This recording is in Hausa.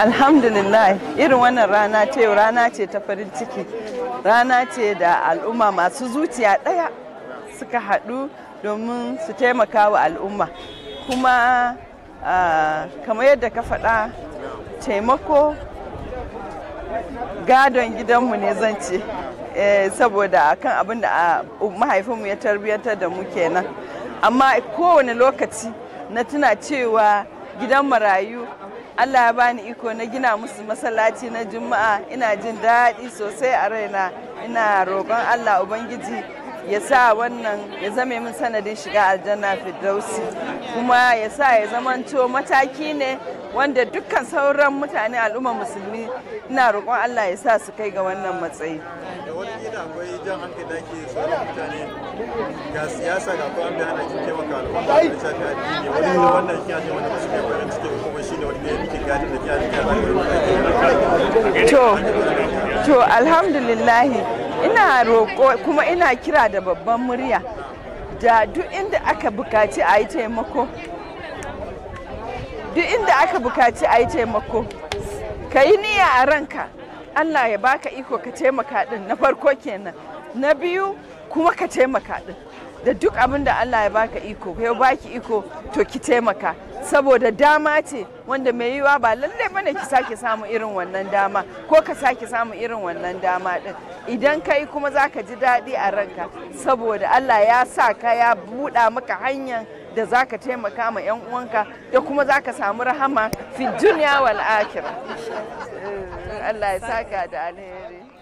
alhamdulillah irin wannan rana ta yau rana ce ta farin ciki rana ce da al'umma masu zuciya ɗaya suka haɗu domin su taimaka wa al'umma kuma kamar yadda ka faɗa taimako gadon gidanmu ne zan ce eh, saboda kan abin da mahaifinmu ya tarbiyyantar da mu kenan amma kowane lokaci na tuna cewa gidan marayu Allah ya bani iko na gina musu masallaci na juma'a ina jin daɗi sosai a raina ina roƙon Allah Ubangiji ya sa wannan ya zame min sanadin shiga aljanna firdausi kuma ya sa ya zamanto mataki ne wanda dukkan sauran mutane al'umma musulmi ina roƙon Allah ya sa su kai ga wannan matsayi. Da wani gida akwai jan hankali da ke sauran mutane ga siyasa ga kuma da hana kin taimaka al'umma da shafi addini wani wannan kiyaye wanda ba su kai farin to to alhamdulillahi ina roƙo kuma ina kira da babban murya da duk inda aka bukaci a yi taimako duk inda aka bukaci a taimako ka yi niyya a ranka allah ya baka iko ka taimaka din na farko kenan na biyu kuma ka taimaka din da duk abinda allah ya baka iko ya baki iko to ki taimaka saboda dama ce wanda mai yiwa ba lalle bane ki sake samu irin wannan dama ko ka sake samu irin wannan dama din idan kai kuma za ka ji daɗi a ranka saboda Allah ya sa ka ya buɗa maka hanyar da za ka taimaka ma 'yan uwanka da kuma za ka samu rahama fi duniya wal eh, Allah ya saka da alheri